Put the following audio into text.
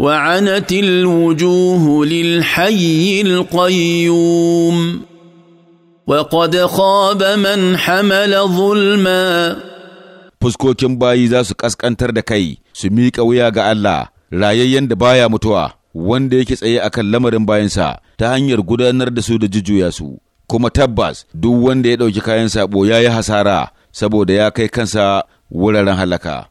وعنت الوجوه للحي القيوم وقد خاب من حمل ظلما fuskokin bayi za su ƙasƙantar da kai su miƙa wuya ga Allah rayayyen da baya mutuwa wanda yake tsaye a kan lamarin bayansa ta hanyar gudanar da su da jujjuya su kuma tabbas duk wanda ya ɗauki kayan saɓo ya yi hasara saboda ya kai kansa wuraren halaka